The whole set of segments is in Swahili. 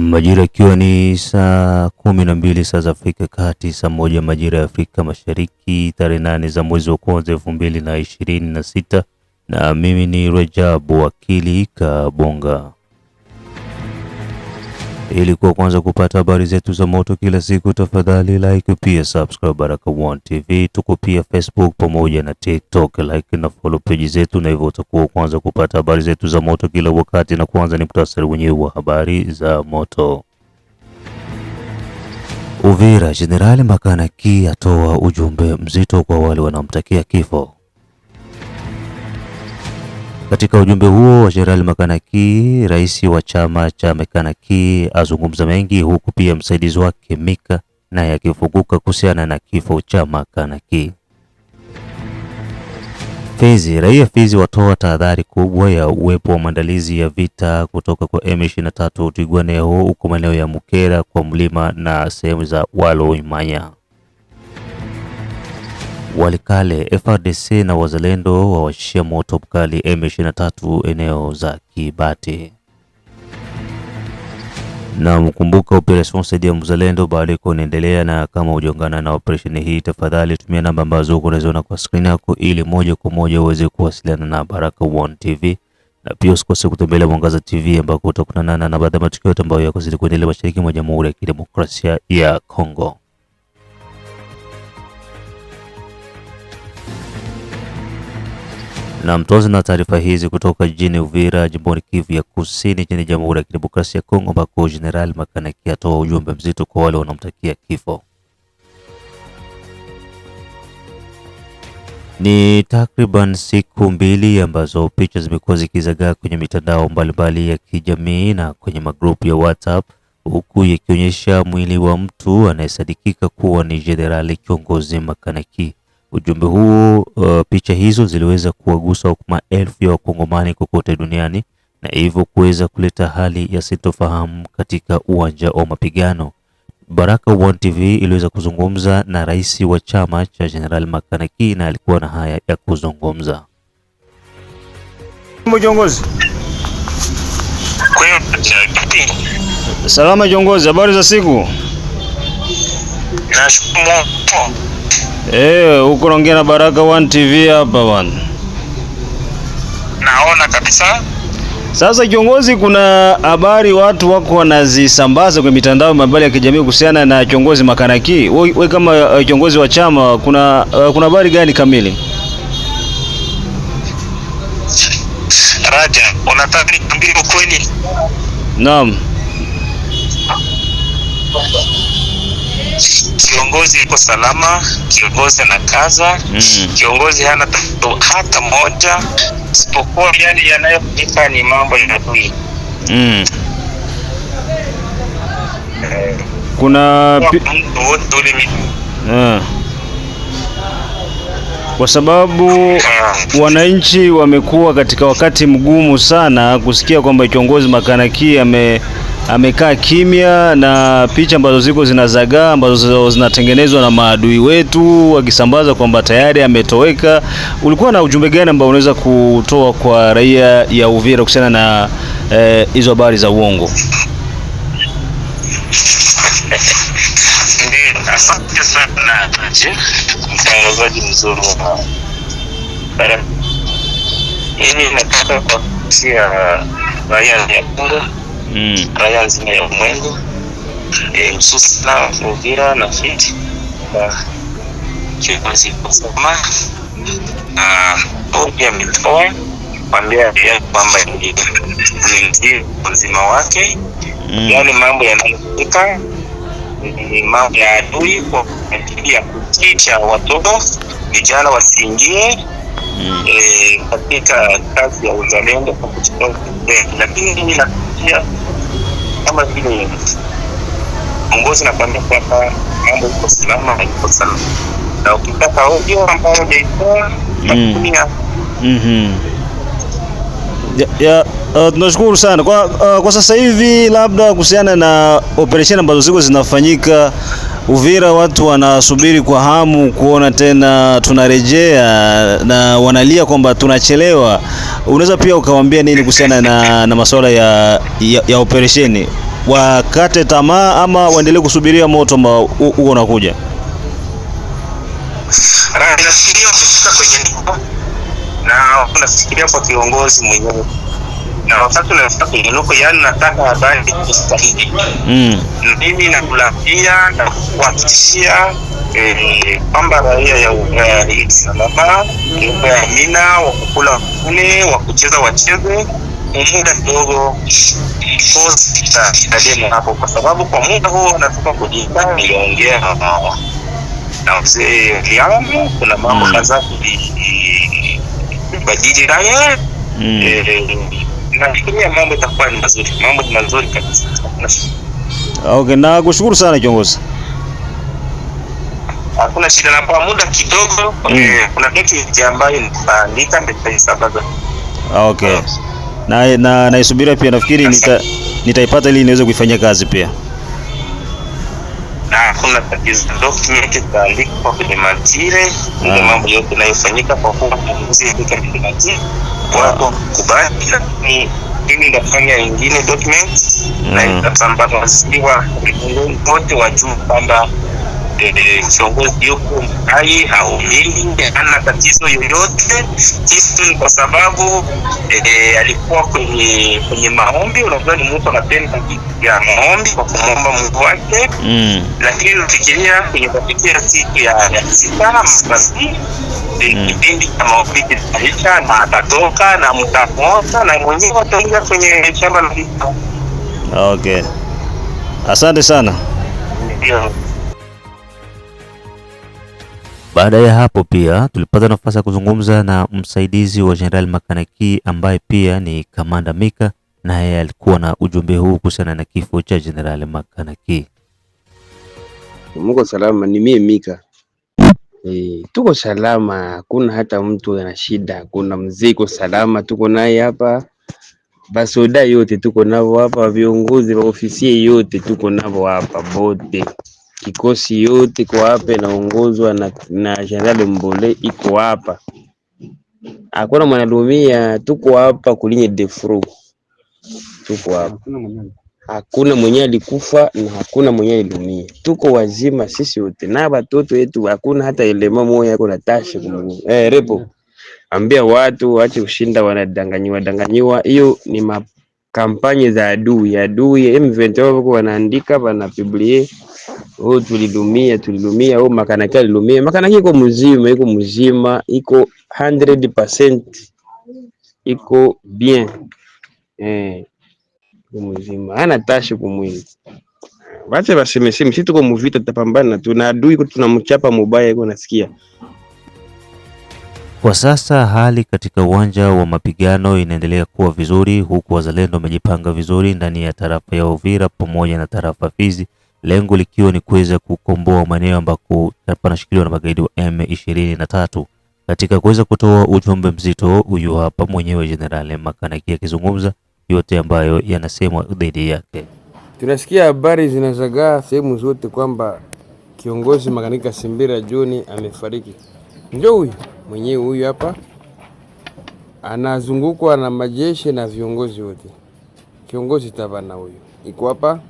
majira ikiwa ni saa kumi na mbili saa za Afrika Kati, saa moja majira ya Afrika Mashariki, tarehe nane za mwezi wa kwanza elfu mbili na ishirini na sita na mimi ni Rajabu Wakili Kabonga. Ili kwa kwanza kupata habari zetu za moto kila siku, tafadhali like pia subscribe baraka One TV. Tuko pia Facebook pamoja na TikTok, like na follow page zetu, na hivyo utakuwa kwanza kupata habari zetu za moto kila wakati. Na kwanza ni mtasari wenyewe wa habari za moto. Uvira, Jenerali Makanaki atoa ujumbe mzito kwa wale wanaomtakia kifo. Katika ujumbe huo, Jenerali Makanaki, rais wa chama cha Makanaki, azungumza mengi, huku pia msaidizi wake Mika naye akifunguka kuhusiana na kifo cha Makanaki. Fizi, raia Fizi watoa tahadhari kubwa ya uwepo wa maandalizi ya vita kutoka kwa M23 Tigwaneho huko maeneo ya Mukera kwa mlima na sehemu za Waloimanya. Walikale, frdc na wazalendo wawashia moto mkali M23 eneo za Kibati. Na mkumbuka operation saidia mzalendo bado inaendelea, na kama hujaungana na operesheni hii, tafadhali tumia namba ambazo unaziona kwa screen yako ili moja kwa moja uweze kuwasiliana na baraka One TV, na pia usikose kutembelea Mwangaza TV ambako utakutanana na baadhi ya matukio ambayo yako zili kuendelea mashariki mwa Jamhuri ya Kidemokrasia ya Kongo. Na mtozi na taarifa hizi kutoka jijini Uvira, jimboni Kivu ya Kusini, nchini Jamhuri ya Kidemokrasia ya Kongo, ambako Jenerali Makanaki atoa ujumbe mzito kwa wale wanaomtakia kifo. Ni takriban siku mbili ambazo picha zimekuwa zikizagaa kwenye mitandao mbalimbali ya kijamii na kwenye magrupu ya WhatsApp huku yakionyesha mwili wa mtu anayesadikika kuwa ni jenerali kiongozi Makanaki. Ujumbe huo, uh, picha hizo ziliweza kuwagusa maelfu ya wakongomani kokote duniani na hivyo kuweza kuleta hali ya sintofahamu katika uwanja wa mapigano. Baraka One TV iliweza kuzungumza na rais wa chama cha General Makanaki na alikuwa na haya ya kuzungumza. Jongozi. Eh, Salama jongozi, habari za siku? Nashukuru. Eh, huko naongea na Baraka One TV hapa bwana. Naona kabisa. Sasa kiongozi, kuna habari watu wako wanazisambaza kwenye mitandao mbalimbali ya kijamii kuhusiana na kiongozi Makanaki. Wewe kama eh, kiongozi wa chama kuna uh, kuna habari gani kamili? Raja, unataka nikwambie ukweli? Naam. Kiongozi yuko salama, kiongozi anakaza mm. Kiongozi hana tatizo hata moja, isipokuwa yale yanayofanyika ni mambo ya adui mm. Eh. Kuna yeah. Kwa sababu ah. wananchi wamekuwa katika wakati mgumu sana kusikia kwamba kiongozi Makanaki ame amekaa kimya, na picha ambazo ziko zinazagaa ambazo zinatengenezwa na maadui wetu wakisambaza kwamba tayari ametoweka. Ulikuwa na ujumbe gani ambao unaweza kutoa kwa raia ya Uvira kuhusiana na eh, hizo eh, habari za uongo? Asante sana mtangazaji mzuri wa nataka kwa raia ya Kongo mm. raia nzima ya ulimwengu e, Uvira na Fizi na na kwambia kwamba mzima wake mm. yani mambo yanayofika ni mambo ya adui kwa ajili ya kuticha watoto vijana wasiingie katika mm. e, kazi ya uzalendo kwa kuchukua lakini pia kama vile mwongozi nakwambia kwamba mambo iko salama na iko salama, na ukitaka audio ambayo jaitoa mm. mhm. uh, Tunashukuru sana kwa, uh, kwa sasa hivi labda kuhusiana na operesheni ambazo ziko zinafanyika Uvira watu wanasubiri kwa hamu kuona tena tunarejea, na wanalia kwamba tunachelewa. Unaweza pia ukawaambia nini kuhusiana na, na masuala ya, ya, ya operesheni? Wakate tamaa ama waendelee kusubiria moto ambao uko unakuja? Nafikiria kufika kwenye na unafikiria kwa kiongozi mwenyewe na wakati unafika kwenye loko, yaani nataka habari kustahili mm. nakulambia na kukuhakikishia kwamba raia ya Uvira salama, amina, wakukula wakule, wakucheza wacheze muda kidogo tademu hapo, kwa sababu kwa muda huo natoka kujipa, niliongea na mzee Liamu, kuna mambo kadhaa kubadili naye nafikiria mambo itakuwa ni mazuri, mambo ni mazuri kabisa. Okay, na kushukuru sana kiongozi. Hakuna shida, na kwa muda kidogo mm. Okay, eh, kuna document ambayo nitaandika nitaisambaza. Okay. Na na naisubiria pia nafikiri nita nitaipata ili niweze kuifanyia kazi pia. Na kuna tatizo document itaandikwa kwenye matire, ah. mambo yote yanayofanyika kwa kuwa wako wanapokubali ni dini nafanya ingine document mm. na inasambaziwa ulimwenguni wote wajuu kwamba eh, kiongozi yuko hai mili ana tatizo yoyote. Hisu ni kwa sababu eh, alikuwa kwenye kwenye maombi. Unajua, ni mtu anapenda ya maombi kwa kumwomba Mungu wake mm. Lakini ufikiria kwenye tafiti ya siku ya sita mazi mm. kipindi cha taisha na atatoka na na mwenyewe wataingia kwenye shamba la hisa. Okay, asante sana. Ndio. Baada ya hapo pia tulipata nafasi ya kuzungumza na msaidizi wa Jenerali Makanaki ambaye pia ni Kamanda Mika, naye alikuwa na ujumbe huu kuhusiana na kifo cha Jenerali Makanaki. Mko salama, ni mie Mika. E, tuko salama, hakuna hata mtu ana shida, kuna mzee, iko salama, tuko naye hapa basoda yote tuko navo hapa, viongozi wa ofisi yote tuko navo hapa bote, kikosi yote iko hapa inaongozwa na, na General Mbole iko hapa, hakuna mwanadumia, tuko hapa kulinye defru, tuko hapa hakuna mwenye alikufa na hakuna mwenye aliumia, tuko wazima sisi wote na watoto wetu, hakuna hata elema moja yako na tashi kumungu. Eh, repo ambia watu wache ushinda, wanadanganyiwa danganyiwa, hiyo ni kampanye za adui adui. M23 wako wanaandika bana wanapiblie, oh, tulidumia tulidumia, oh, makanaki alidumia. Makanaki iko mzima iko mzima iko 100% iko bien eh mzima hana tashi kumwingi. wacha waseme sema, sisi tuko muvita, tutapambana. Tuna adui tunamchapa mubaya iko nasikia. Kwa sasa hali katika uwanja wa mapigano inaendelea kuwa vizuri, huku wazalendo wamejipanga vizuri ndani ya tarafa ya Uvira pamoja na tarafa Fizi, lengo likiwa ni kuweza kukomboa maeneo ambako panashikiliwa na magaidi wa M23. Katika kuweza kutoa ujumbe mzito, huyu hapa mwenyewe Jenerali Makanaki akizungumza yote ambayo yanasemwa dhidi yake. Tunasikia habari zinazagaa sehemu zote kwamba kiongozi Makanika Simbira juni amefariki. Ndio huyu mwenyewe huyu hapa anazungukwa na majeshi na viongozi wote. Kiongozi Tavana huyu iko hapa,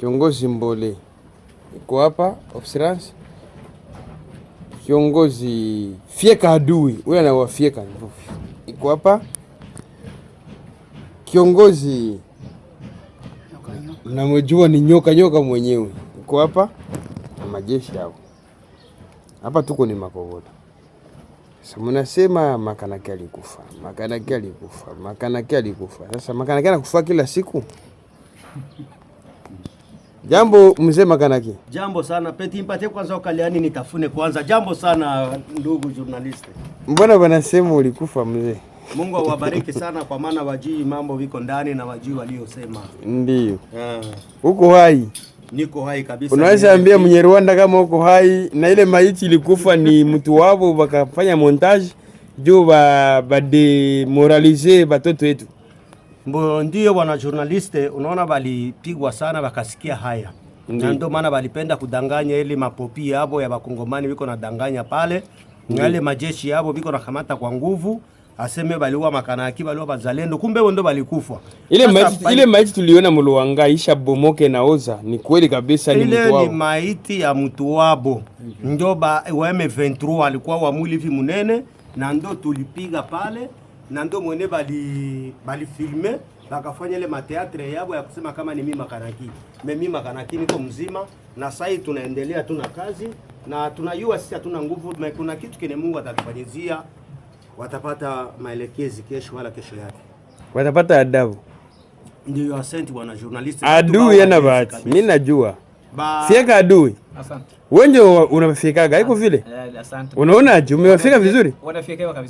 kiongozi Mbole iko hapa observance, kiongozi Fieka adui huyu anawafyeka iko hapa. Kiongozi namejua ni nyoka nyoka mwenyewe, uko hapa na majeshi yao hapa. Tuko ni Makobola. Sasa mnasema Makanaki alikufa, Makanaki alikufa, Makanaki alikufa. Sasa Makanaki anakufa kila siku. Jambo mzee Makanaki. Jambo sana. Peti mpatie kwanza ukaliani nitafune kwanza. Jambo sana ndugu journalist. Mbona wanasema ulikufa mzee? Mungu awabariki sana kwa maana wajui mambo viko ndani na wajui waliosema. Ndio. Ah. Uko hai. Niko hai kabisa. Unaweza ambia mwenye Rwanda kama uko hai na ile maiti ilikufa ni mtu wao wakafanya montage juu ba, ba demoralize batoto yetu. Mbo ndio wana journaliste unaona walipigwa sana wakasikia haya. Na ndio maana walipenda kudanganya ile mapopi yabo ya bakongomani wiko nadanganya pale. Ngale majeshi yabo viko nakamata kwa nguvu aseme baliwa makanaki baliwa bazalendo, kumbe wendo balikufa. Ile maiti ile maiti tuliona muluanga isha bomoke naoza, ni kweli kabisa, ni mtu wao, ile ni maiti ya mtu wabo njoba wa M23 alikuwa wa mwili hivi munene, na ndo tulipiga pale na ndo mwene bali balifilme bakafanya ile mateatre yabo ya kusema kama ni mimi makanaki me mimi makanaki niko mzima, na sasa tunaendelea, tuna kazi na tunajua sisi hatuna nguvu, kuna kitu kene Mungu atatufanyizia watapata maelekezi kesho wala kesho yake watapata adabu. Ndio, asante bwana journalist. Adui yana bahati, mimi najua ba... sieka adui wenye unawafikaga iko vile, eh, unaonaje? Umewafika vizuri, unafikewa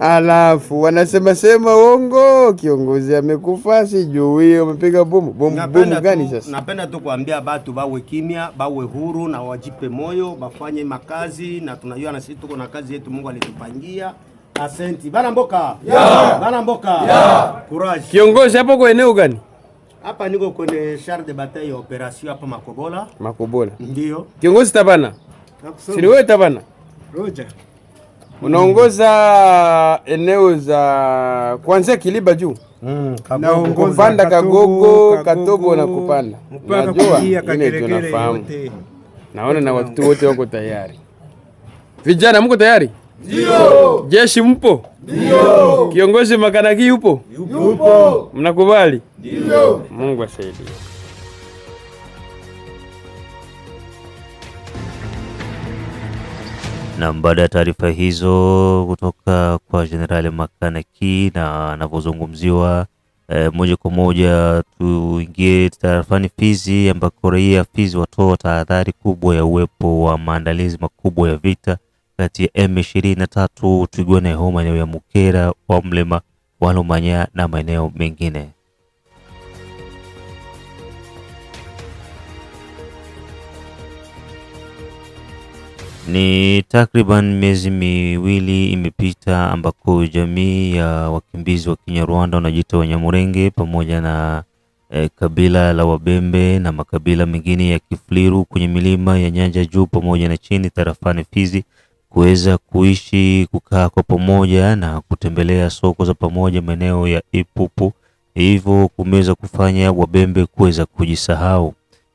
alafu wanasema sema uongo, kiongozi amekufa, sijui umepiga bomu bomu bomu gani? Sasa napenda tu kuambia batu bawe kimya, bawe huru na wajipe moyo, bafanye makazi, na tunajua na sisi tuko na kazi yetu Mungu alitupangia. Asenti bana mboka, bana mboka, courage. Kiongozi hapo kwa eneo gani? Hapa niko kwenye char de bataille ya operation hapa Makobola. Makobola. Ndio. Kiongozi Tabana. Si wewe Tabana? Roja. Unaongoza eneo za kuanzia Kiliba juu. Mm, kupanda Kagogo, Katobo na kupanda. Najua ile tunafahamu. Naona na watu wote wako tayari. Vijana mko tayari? Ndio. Jeshi mpo? Ndio. Kiongozi Makanaki yupo? Yupo. Mnakubali? Ndio. Mungu asaidie. Na baada ya taarifa hizo kutoka kwa Jenerali Makanaki na anavyozungumziwa e, moja kwa moja tuingie tarafani Fizi ambako raia Fizi watoa tahadhari kubwa ya uwepo wa maandalizi makubwa ya vita kati ya M23 huu maeneo ya Mukera wa Mlema Walumanya na maeneo mengine. Ni takriban miezi miwili imepita ambako jamii ya wakimbizi wa Kinyarwanda wanajiita Wanyamurenge pamoja na e, kabila la Wabembe na makabila mengine ya Kifliru kwenye milima ya Nyanja Juu pamoja na chini tarafani Fizi kuweza kuishi, kukaa kwa pamoja na kutembelea soko za pamoja maeneo ya Ipupu, hivyo kumeweza kufanya Wabembe kuweza kujisahau.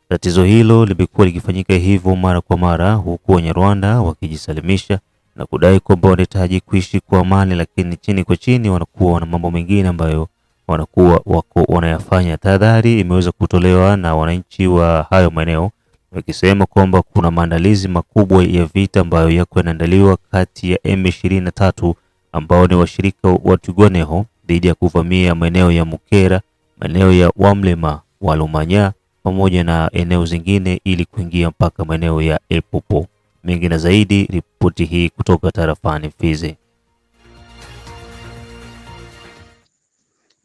Tatizo hilo limekuwa likifanyika hivyo mara kwa mara, huku Wanyarwanda wakijisalimisha na kudai kwamba wanahitaji kuishi kwa amani, lakini chini kwa chini wanakuwa wana mambo mengine ambayo wanakuwa wako wanayafanya. Tahadhari imeweza kutolewa na wananchi wa hayo maeneo wakisema kwamba kuna maandalizi makubwa ya vita ambayo yako yanaandaliwa kati ya M23 ambao ni washirika wa Twirwaneho dhidi ya kuvamia maeneo ya Mukera, maeneo ya Wamlema, Walumanya pamoja na eneo zingine ili kuingia mpaka maeneo ya Epopo. Mengi na zaidi, ripoti hii kutoka tarafani Fizi.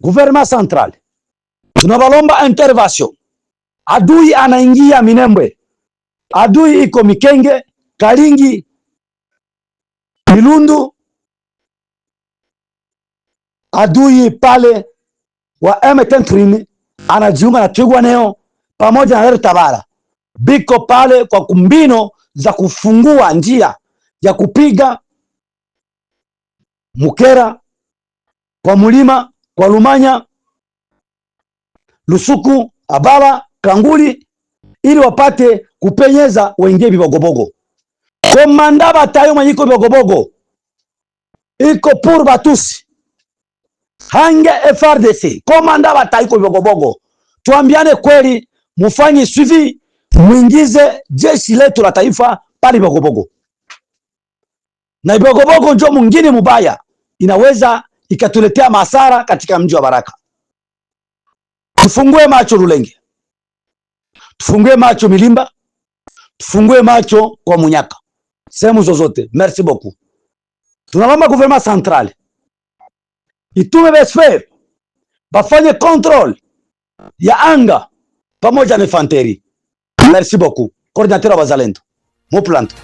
Guverma Central tunabalomba intervention, adui anaingia Minembwe Adui iko Mikenge, Kalingi, Milundu, adui pale wa M23 anajiunga na neo pamoja na Leo Tabara, biko pale kwa kumbino za kufungua njia ya kupiga Mukera kwa Mulima, kwa Lumanya, Lusuku, abala Kanguli ili wapate kupenyeza waingie bibogobogo. Komanda batayo mwenye iko bibogobogo iko pour batusi hange FRDC. Komanda batayo iko bibogobogo, tuambiane kweli, mufanye suivi, mwingize jeshi letu la taifa pale bibogobogo, na bibogobogo njo mwingine mubaya inaweza ikatuletea masara katika mji wa Baraka. Tufungue macho Rulenge. Tufungue macho Milimba, tufungue macho kwa Munyaka, sehemu zozote. Merci beaucoup. Tunalomba gouvernement central itume besfe bafanye control ya anga pamoja na infanteri. Merci beaucoup. Coordinateur wa Wazalendo Moplanto.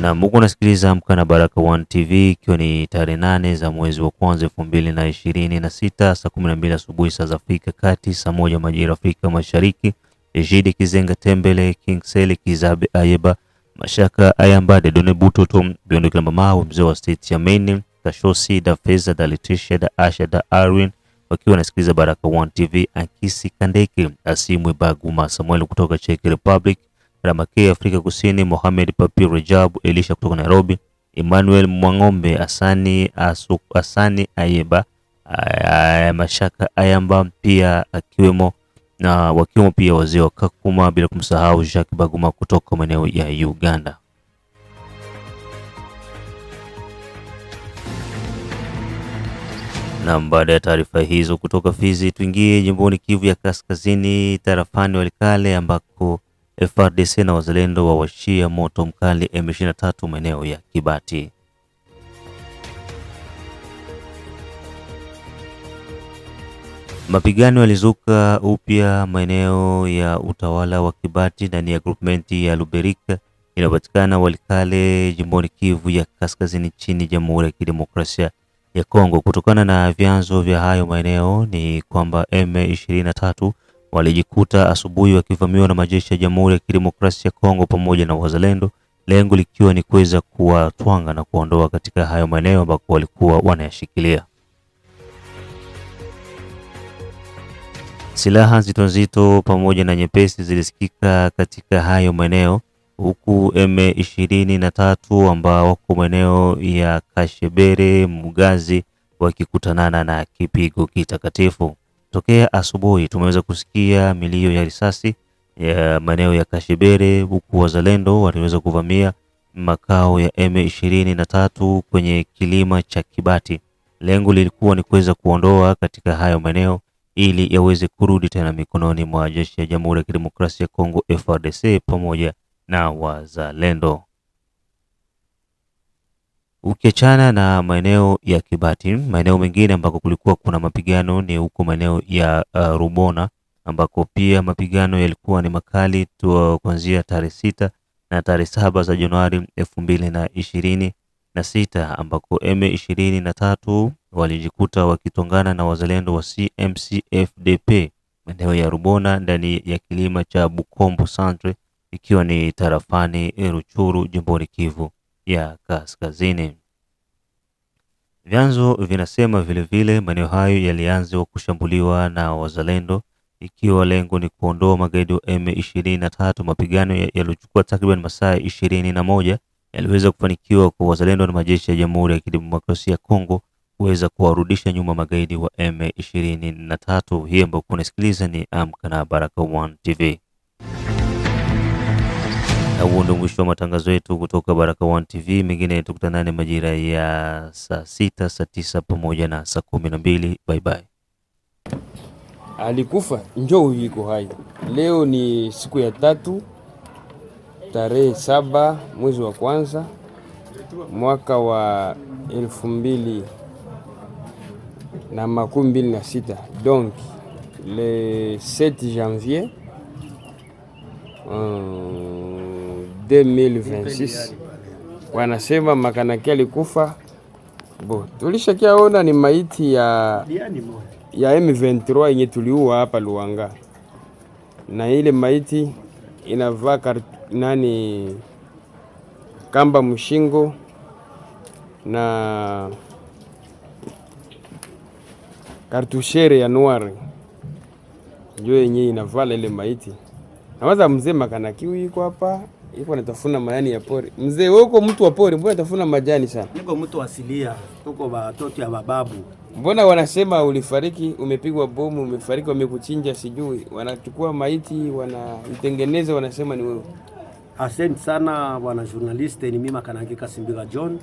na muko nasikiliza Amka na Baraka One TV ikiwa ni tarehe nane za mwezi wa kwanza elfu mbili na ishirini na sita saa kumi na mbili asubuhi saa za Afrika Kati, saa moja majira Afrika Mashariki. Ejide Kizenga Tembele, King Kingsele Kizabe Ayeba Mashaka Ayambade Done Butoto Biondokilamba Mawe mzee wa state ya Maine Kashosi da Feza da Letisha da Asha da Arwin wakiwa wanasikiliza Baraka One TV. Ankisi Kandeki Asimwe Baguma Samuel kutoka Czech Republic Ramakea Afrika Kusini, Mohamed Papi Rajab, Elisha kutoka Nairobi, Emmanuel Mwang'ombe, Asani, Asu, Asani Ayeba, Mashaka Ayamba pia akiwemo na wakiwemo pia wazee wa Kakuma, bila kumsahau Jacques Baguma kutoka maeneo ya Uganda. Na baada ya taarifa hizo kutoka Fizi, tuingie jimboni Kivu ya Kaskazini, tarafani Walikale ambako frdc na wazalendo washia moto mkali M23 maeneo ya Kibati. Mapigano yalizuka upya maeneo ya utawala wa Kibati ndani ya grupmenti ya Luberika inayopatikana Walikale jimboni Kivu ya Kaskazini nchini Jamhuri ya Kidemokrasia ya Kongo. Kutokana na vyanzo vya hayo maeneo ni kwamba M23 walijikuta asubuhi wakivamiwa na majeshi ya Jamhuri ya Kidemokrasia ya Kongo pamoja na wazalendo, lengo likiwa ni kuweza kuwatwanga na kuondoa katika hayo maeneo ambako walikuwa wanayashikilia. Silaha nzito nzito pamoja na nyepesi zilisikika katika hayo maeneo, huku M23 ambao wako maeneo ya Kashebere Mugazi wakikutanana na kipigo kitakatifu. Tokea asubuhi tumeweza kusikia milio ya risasi ya maeneo ya Kashebere, huku wazalendo waliweza kuvamia makao ya M23 kwenye kilima cha Kibati. Lengo lilikuwa ni kuweza kuondoa katika hayo maeneo ili yaweze kurudi tena mikononi mwa jeshi ya Jamhuri ya Kidemokrasia ya Kongo FRDC pamoja na wazalendo. Ukiachana na maeneo ya Kibati, maeneo mengine ambako kulikuwa kuna mapigano ni huko maeneo ya uh, Rubona ambako pia mapigano yalikuwa ni makali tu uh, kuanzia tarehe sita na tarehe saba za Januari elfu mbili na ishirini na sita ambako M23 walijikuta wakitongana na wazalendo wa CMCFDP maeneo ya Rubona ndani ya kilima cha Bukombo Centre ikiwa ni tarafani eh, Ruchuru jimboni Kivu ya kaskazini. Vyanzo vinasema vilevile maeneo hayo yalianza kushambuliwa na wazalendo ikiwa lengo ni kuondoa magaidi wa M23. Mapigano yaliochukua takriban masaa ishirini na moja yaliweza kufanikiwa kwa wazalendo na majeshi ya Jamhuri ya Kidemokrasia ya Kongo kuweza kuwarudisha nyuma magaidi wa M23. Hii ambayo kunasikiliza ni Amka na Baraka One TV na huo ndio mwisho wa matangazo yetu kutoka Baraka One TV. Mengine tukutanane majira ya saa sita, saa tisa pamoja na saa kumi na mbili. Bye bye. Alikufa njoo yuko hai. Leo ni siku ya tatu tarehe saba mwezi wa kwanza mwaka wa elfu mbili na makumi mbili na sita donc le 7 janvier um, 2026 wanasema Makanaki alikufa bo, tulishakiaona ni maiti ya ya M23 yenye tuliua hapa Luanga, na ile maiti inavaa nani kamba mshingo na kartushere ya noir njo yenye inavala ile maiti. Nawaza mzee Makanaki yuko hapa Iko natafuna mayani ya pori. Mzee wewe uko mtu wa pori, mbona tafuna majani sana? Niko mtu asilia, tuko watoto ya bababu. Mbona wanasema ulifariki, umepigwa bomu, umefariki, wamekuchinja, sijui wanachukua maiti wanaitengeneza, wanasema ni wewe. Asante sana bwana journaliste, ni mimi Makanangika Simbiga John,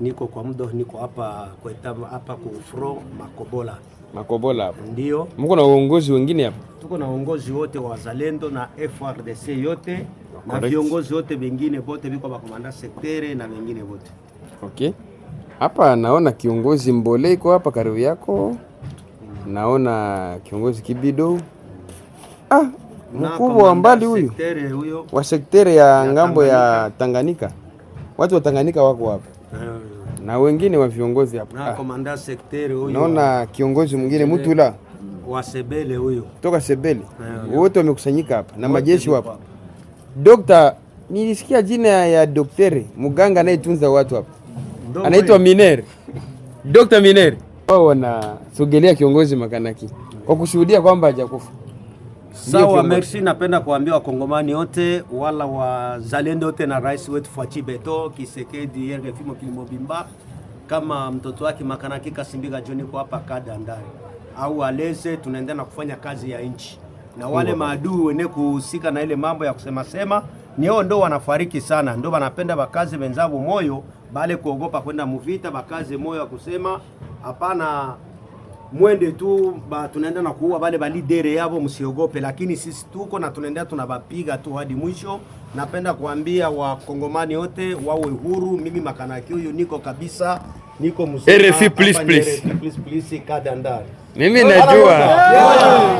niko kwa mdo, niko hapa kwa hapa kwa Fro Makobola. Makobola hapo. Ndio. Mko na uongozi wengine hapo? Tuko na uongozi wote wa zalendo na FRDC yote Na viongozi wote wengine bote viko komanda sektere na wengine wote. Okay. Hapa naona kiongozi Mbole iko hapa karibu yako, naona kiongozi Kibido. Ah, mkubwa wa mbali huyu wa sektere ya ngambo ya Tanganyika, watu wa Tanganyika wako hapa. Eh na wengine wa viongozi hapa. Komanda sekteri huyo. Naona kiongozi mwingine Mutula wa Sebele huyo. Toka Sebele. Eh, Wote wamekusanyika hapa na majeshi hapa. Dokta, nilisikia jina ya dokteri muganga anayetunza watu hapa. Anaitwa Miner. Dokta Miner. Wao wanasogelea kiongozi Makanaki kwa kushuhudia kwamba hajakufa. Sawa, merci. Napenda kuambia wakongomani wote wala wazalendo wote na rais wetu Fachi Beto Kisekedi Yerefimo Kilimobimba kama mtoto wake Makanaki Kasimbiga Joni kwa hapa ndani au aleze, tunaendelea na kufanya kazi ya nchi na wale maadui wene kuhusika na ile mambo ya kusema sema niyo ndo wanafariki sana, ndo wanapenda bakazi wenzao moyo, bale kuogopa kwenda muvita, bakazi moyo ya kusema hapana mwende tu ba, tunaenda na kuua wale dere yavo, msiogope, lakini sisi tuko na tunaendea tunabapiga tu hadi mwisho. Napenda kuambia wakongomani wote wawe huru. Mimi makanaki huyu niko kabisa, niko mzuri. please please please kadandari. Mimi najua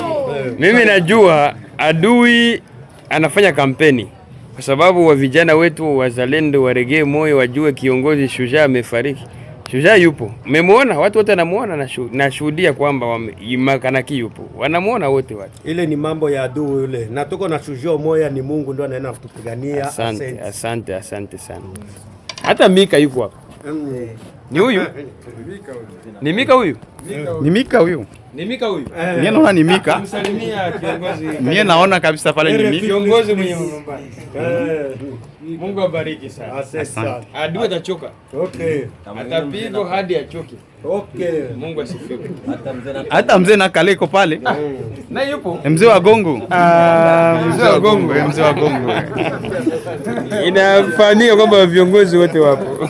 mimi najua adui anafanya kampeni kwa sababu wa vijana wetu wazalendo waregee moyo, wajue kiongozi shujaa amefariki. Shujaa yupo, mmemwona, watu wote wanamwona, nashuhudia kwamba makanaki yupo, wanamwona wote watu. Ile ni mambo ya adui yule, na tuko na shujaa moya, ni Mungu ndo anaenda kutupigania. Asante, asante, asante sana. Hata Mika yuko hapa. Mm. Ni huyu? Eh, eh, ni Mika huyu? Ni Mika huyu? Ni Mika huyu? Mimi eh. naona ni Mika. Msalimia kiongozi. Mimi naona kabisa pale ni Mika. Kiongozi mwenye Mungu abariki sana. Asante Adui atachoka. Okay. atapigo hadi achoke. Okay. Mungu asifiwe. Hata mzee na kaleko pale. Na yupo. Mzee wa Gongo. Ah, mzee wa Gongo, mzee wa Gongo. Inafanyia kwamba viongozi wote wapo.